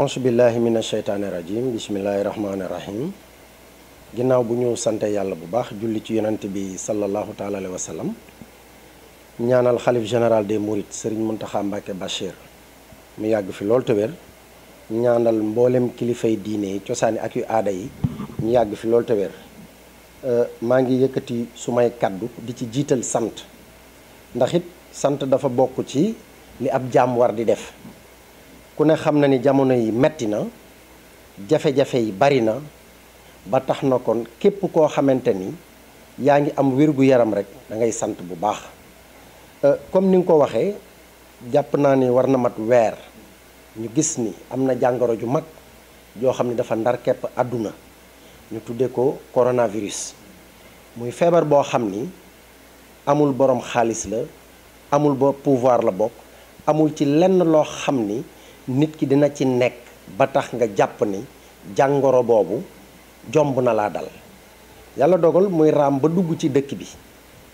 ansubillahi mina sheytaani rajim bismillahi rahmaani rahim ginnaaw bu ñëw sante yàlla bu baax julli ci yonant bi sallallahu taala wa sallam ñaanal xalif général de mourides sëriñ Muntaxa Mbàkke Bachir mu yàgg fi lool te ñaanal mboolem kilifay diine yi cosaani ak yu aada yi ñu yàgg fi lool te euh, maa ngi yëkkati sumay kàddu di ci jiital sant ndaxit sant dafa bokk ci li ab jaam war di def ku ne xam na ni jamono yi metti na jafe-jafe yi bari na ba tax na kon képp koo xamante ni yaa ngi am wér-gu-yaram rek da ngay sant bu baax euh, comme ni nga ko waxee jàpp naa ni war na mat weer ñu gis ni am na jàngoro ju mag joo xam ne dafa ndar képp àdduna ñu tuddee ko coronavirus muy feebar boo xam ni amul borom xaalis la amul ba pouvoir la bokk amul ci lenn loo xam ni nit ki dina ci nekk ba tax nga jàpp ni jàngoro boobu jomb na laa dal yàlla dogal muy raam ba dugg ci dëkk bi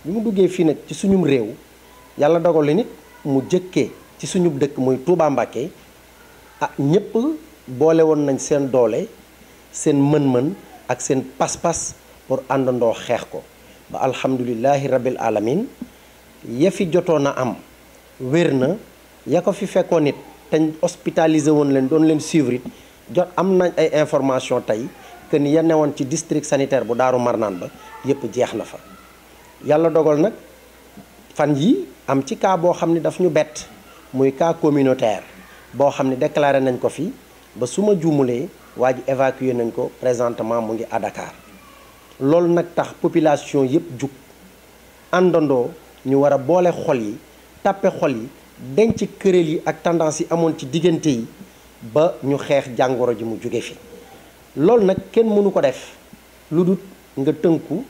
bi mu duggee fii nag ci suñum réew yàlla dogal nit mu jëkkee ci suñu dëkk muy Touba Mbacké ah ñépp boole woon nañ seen doole seen mën-mën ak seen pas-pas pour àndandoo xeex ko ba alhamdulilahi rabil alamin ya fi jotoon na am wér na ya ko fi fekkoo nit te hospitalisé woon leen doon leen suivre jot am nañ ay information tey que ni ya newoon ci district sanitaire bu Daaru Marnaan ba yépp jeex na fa yàlla dogal nag fan yi am ci cas boo xam ne daf ñu bett muy cas communautaire boo xam ne déclaré nañ ko fi ba su ma juumulee waa ji évacué nañ ko présentement mu ngi à Dakar loolu nag tax population yépp jug àndandoo ñu war a boole xol yi tàppe xol yi denc këréel yi ak tendance yi amoon ci diggante yi ba ñu xeex jàngoro ji mu jóge fi loolu nag kenn mënu ko def lu dul nga tënku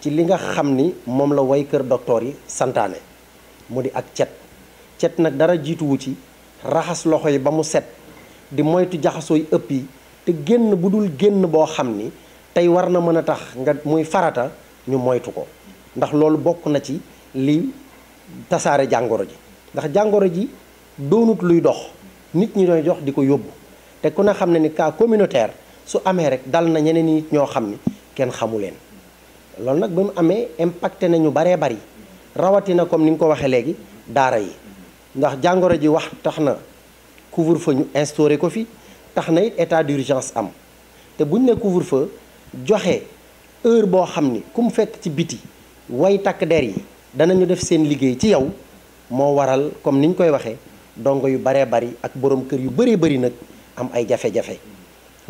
ci li nga xam ni moom la way kër docteur yi santaane mu di ak cet cet nag dara jiituwu ci raxas loxo yi ba mu set di moytu jaxasooy ëpp yi te génn bu dul génn boo xam ni tey war na mën a tax nga muy farata ñu moytu ko ndax loolu bokk na ci li tasaare jàngoro ji ndax jàngoro ji doonut luy dox nit ñi doy jox di ko yóbbu te ku na xam ne ni kaa communautaire su amee rek dal na ñeneen nit ñoo xam ne kenn xamu leen loolu nag ba mu amee impacté nañu baree bari rawatina comme ni nga ko waxee léegi daara yi ndax jàngoro ji wax tax na couvre fa ñu instauré ko fi tax na it état d'urgence am te buñ ne couvre fa joxe heure boo xam ni ku mu fekk ci biti way takk der yi danañu def seen liggéey ci yow moo waral comme ni ñu koy waxee dongo yu baree bari ak borom kër yu bëree bëri nag am ay jafe-jafe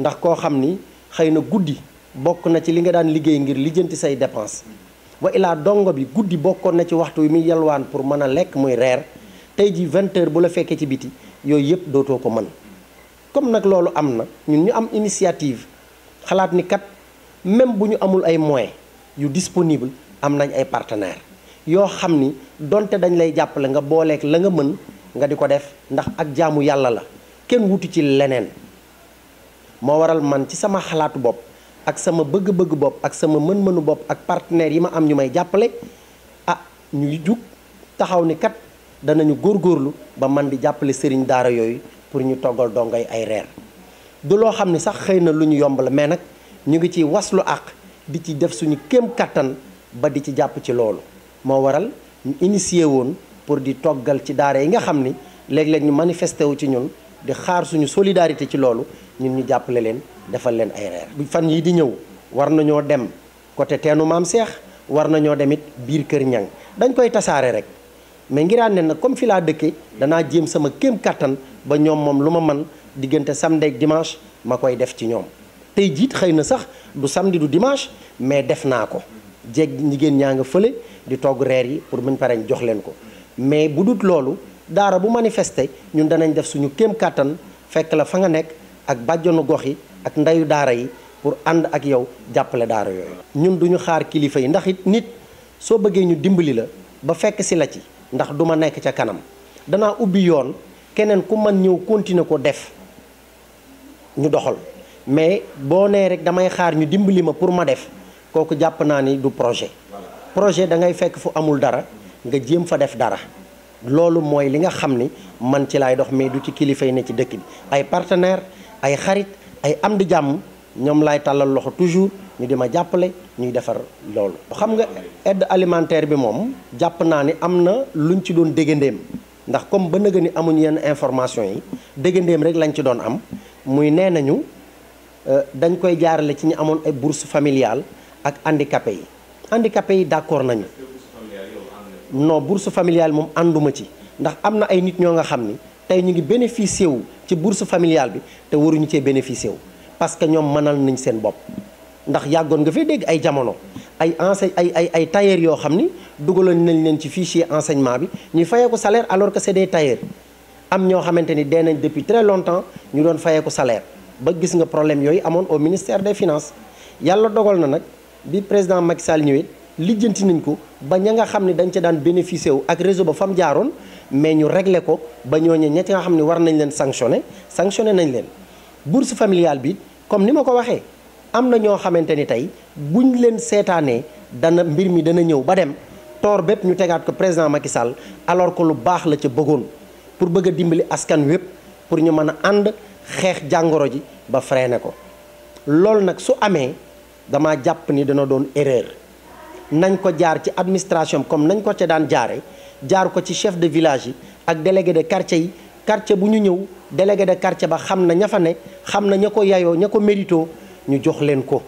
ndax koo xam ni xëy na guddi bokk na ci li nga daan liggéey ngir lijjanti say dépense wa ilaa dongo bi guddi bokkoon na ci waxtu wi muy yalwaan pour mën a lekk muy reer tey ji vingt heures bu la fekkee ci biti yooyu yëpp dootoo ko mën comme nag loolu am na ñun ñu am initiative xalaat ni kat même bu ñu amul ay moyens yu disponible am nañ ay partenaires yoo xam ni donte dañ lay jàppale nga booleeg la nga mën nga di ko def ndax ak jaamu yàlla la kenn wutu ci leneen moo waral man ci sama xalaatu bopp ak sama bëgg-bëgg bopp ak sama mën-mënu bopp ak partenaires yi ma am ñu may jàppale ah ñuy jug taxaw ni kat danañu góorlu ba man di jàppale sëriñ daara yooyu pour ñu toggal dongoy ay reer du loo xam ni sax xëy na lu ñu yomb la mais nag ñu ngi ciy waslu àq di ci def suñu kem kattan ba di ci jàpp ci loolu moo waral ñu initié woon pour di toggal ci daara yi nga xam ni léeg-léeg ñu manifesté wu ci ñun di xaar suñu solidarité ci loolu ñun ñu jàppale leen defal leen ay reer. bu fan yii di ñëw war nañoo dem côté teenu maam Seex war nañoo dem it biir kër ñang dañ koy tasaare rek mais ngiraan ne nag comme fi laa dëkke danaa jéem sama kéem kattan ba ñoom moom lu ma man diggante samedi ak dimanche ma koy def ci ñoom tey jiit xëy na sax du samedi du dimanche mais def naa ko jeeg jigéen ñaa nga fële di togg reer yi pour buñ paree jox leen ko mais bu dut loolu daara bu manifeste ñun danañ def suñu kéem kàttan fekk la fa nga nekk ak bàjjonu gox yi ak ndeyu daara yi pour ànd ak yow jàppale daara yooyu. ñun duñu xaar kilifa yi ndax it nit soo bëggee ñu dimbali la ba fekk si la ci ndax du ma nekk ca kanam danaa ubbi yoon keneen ku man ñëw continuer ko def ñu doxal mais boo nee rek damay xaar ñu dimbali ma pour ma def. kooku jàpp naa ni du projet projet da ngay fekk fu amul dara nga jéem fa def dara loolu mooy li nga xam ni man ci laay dox mais du ci kilifa yi ne ci dëkk bi ay partenaire ay xarit ay am di jàmm ñoom laay tàllal loxo toujours ñu di ma jàppale ñuy defar loolu xam nga aide alimentaire bi moom jàpp naa ni am na luñ ci doon déggandéem ndax comme ba nëga ni amuñ yenn information yi déggandéem rek lañ ci doon am muy nee nañu euh, dañ koy jaarale ci ñu amoon ay bourse familiale ak handicapé yi handicapé yi d'accord nañu non bourse familial moom ànduma ci ndax am na ay nit ñoo nga xam ni tey ñu ngi bénéficier wu ci bourse familiale bi te waruñu cee bénéficier wu parce que ñoom mënal nañ seen bopp ndax yàggoon nga fee dégg ay jamono ay ense ay ay ay tailleur yoo xam ni dugaloon nañ leen ci fichier enseignement bi ñuy fayee ko salaire alors que c'est des tailleurs am ñoo xamante ni dee nañ depuis très longtemps ñu doon fayee ko salaire ba gis nga problème yooyu amoon au ministère des finances yàlla dogal na nag bi président Macky Sall ñëwee lijjanti nañ ko ba ña nga xam ne dañ ca daan bénéficié wu ak réseau ba fam mais ñu réglé ko ba ñooñu ñetti nga xam ne war nañ leen sanctionné sanctionné nañ leen bourse bi comme ni ma ko waxee am na ñoo xamante ni tey buñ leen seetaanee dana mbir mi dana ñëw ba dem toor bépp ñu tegaat ko président Macky Sall alors que lu baax la ca bëggoon pour bëgg a dimbali askan wépp pour ñu mën a ànd xeex jàngoro ji ba freiné ko loolu nag su amee dama jàpp ni dana doon erreur nañ ko jaar ci administration comme nañ ko ca daan jaare jaar ko ci chef de village yi ak délégué de quartier yi quartier bu ñu ñëw délégué de quartier ba xam na ña fa ne xam na ña ko yayoo ña ko mérito ñu jox leen ko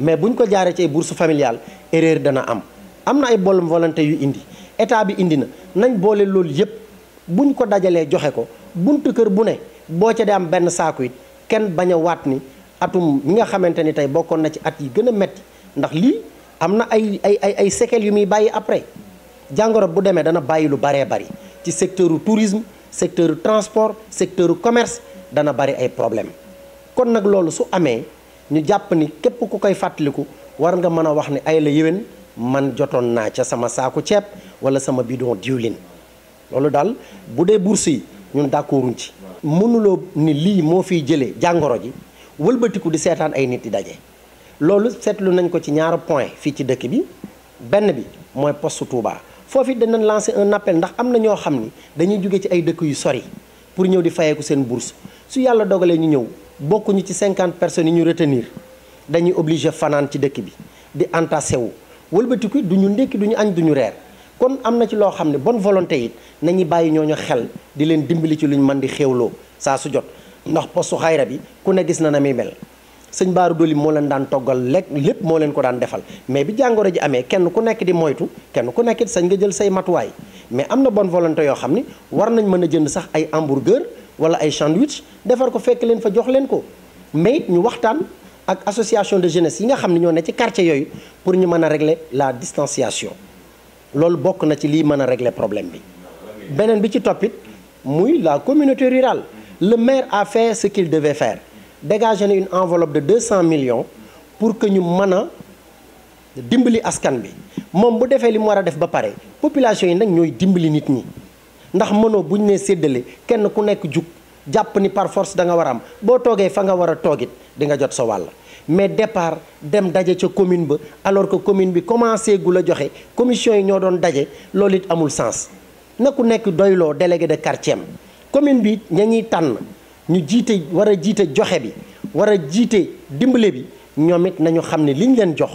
mais buñ ko jaaree ci ay bourse familiale erreur dana am am na ay bolum volonté yu indi état bi indi na nañ boole loolu yépp buñ ko dajalee joxe ko buntu kër bu ne boo ca dee am benn saaku it kenn bañ a waat ni atum mi nga xamante ni tey bokkoon na ci at yi gën a metti ndax lii am na ay ay ay ay séquelles yu muy bàyyi après jàngoro bu demee dana bàyyi lu baree bari ci secteur tourisme secteur transport secteur commerce dana bari ay problème kon nag loolu su amee ñu jàpp ni képp ku koy fàttaliku war nga mën a wax ne ayla yéwén man jotoon naa ca sama saaku ceeb wala sama bidon diwlin loolu daal bu dee bourse yi ñun d'accorduñ ci mënuloo ni lii moo fiy jëlee jàngoro ji wëlbatiku di seetaan ay nit di daje loolu seetlu nañ ko ci ñaari point fii ci dëkk bi benn bi mooy poste Touba foofu it danañ lancé un appel ndax am na ñoo xam ni dañuy jóge ci ay dëkk yu sori pour ñëw di fayeeku seen bourse su yàlla dogalee ñu ñëw bokkuñu ci 50 personnes yi ñu retenir dañuy obligé fanaan ci dëkk bi di entassé wu wëlbatiku du ñu ndékki du ñu añ du ñu reer kon am na ci loo xam ne bonne volonté it nañuy bàyyi ñoo ñu xel di leen dimbali ci luñ mën di xéewloo saa su jot ndax postu xayra bi ku ne gis na na muy mel sëñ baaru doli moo leen daan toggal lekk lépp moo leen ko daan defal mais bi jàngoro ji amee kenn ku nekk di moytu kenn ku nekk sañ nga jël say matuwaay mais am na bonne volonté yoo xam ni war nañ mën a jënd sax ay hamburger wala ay sandwich defar ko fekk leen fa jox leen ko mais ñu waxtaan ak association de jeunesse yi nga xam ne ñoo ne ci quartier yooyu pour ñu mën a régler la distanciation loolu bokk na ci lii mën a régler problème bi beneen bi ci toppit muy la communauté rurale le maire a fait ce qu'il devait faire dégagé na une enveloppe de 200 millions pour que ñu mën a dimbali askan bi moom bu defee li mu war a def ba pare population yi nag ñooy dimbali nit ñi ndax mënoo bu ñu ne séddale kenn ku nekk jug jàpp ni par force da nga war a am boo toogee fa nga war a toogit di nga jot sa wàll mais départ dem daje ca commune ba alors que commune bi commencé gu la joxe commission yi ñoo doon daje loolu it amul sens na ku nekk doyloo délégué de quartier am commune bi ña ngi tànn ñu jiite war a jiite joxe bi war a jiite dimbale bi ñoom it nañu xam ne liñ leen jox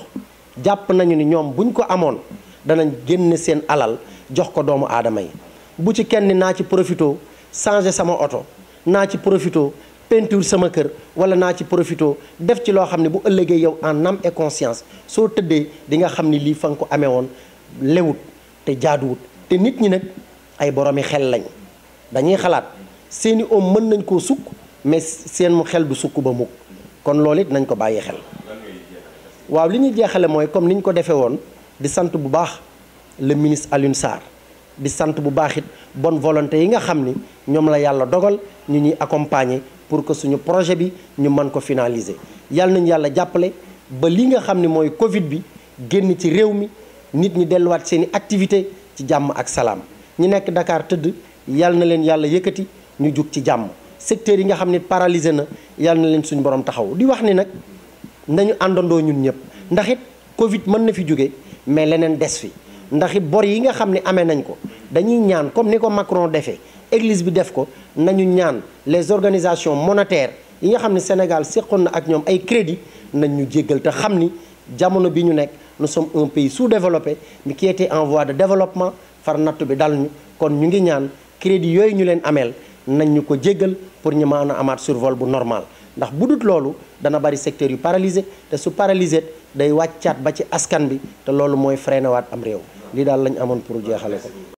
jàpp nañu ni ñoom buñ ko amoon danañ génn seen alal jox ko doomu aadama yi bu ci kenn naa ci profito changer sama oto naa ci profito peinture sama kër wala naa ci profito def ci loo xam ne bu ëllëgee yow en âme et conscience soo tëddee di nga xam ni lii fa nga ko amee woon lewut te jaaduwut te nit ñi nag ay boroomi xel lañ dañuy xalaat seeni om mën nañ koo sukk mais seen mu xel du sukk ba mukk kon loolu it nañ ko bàyyi xel waaw li ñuy jeexale mooy comme ni ñu ko defee woon di sant bu baax le ministre Alioune Sarr di sant bu baaxit bon bonne volonté yi nga xam ni ñoom la yàlla dogal ñu ñuy accompagner pour que suñu projet bi ñu mën ko finaliser yàlla nañu yàlla jàppale ba li nga xam ni mooy Covid bi génn ci réew mi nit ñi delluwaat seen i activité ci jàmm ak salaam ñi nekk Dakar tëdd yàlla na leen yàlla yëkkati ñu jug ci jàmm secteur yi nga xam ne paralysé na yàlla na leen suñ borom taxaw di wax ni nag nañu àndandoo ñun ñëpp ndax it Covid mën na fi jóge mais leneen des fi ndaxit bor yi nga xam ne amee nañ ko dañuy ñaan comme ni ko Macron defee église bi def ko nañu ñaan les organisations monétaires yi nga xam ne Sénégal séqoon na ak ñoom ay crédit nañ ñu jéggal te xam ni jamono bi ñu nekk nous sommes un pays sous-développé mais qui de développement far bi dal ngi crédit yooyu ñu leen ameel nañ ñu ko jéggal pour ñu mën a amaat survol bu normal ndax bu loolu dana bari secteur yu paralysé te su paralysé day wàccaat ba ci askan bi te loolu mooy freiné waat am réew lii daal lañ amoon pour jeexale ko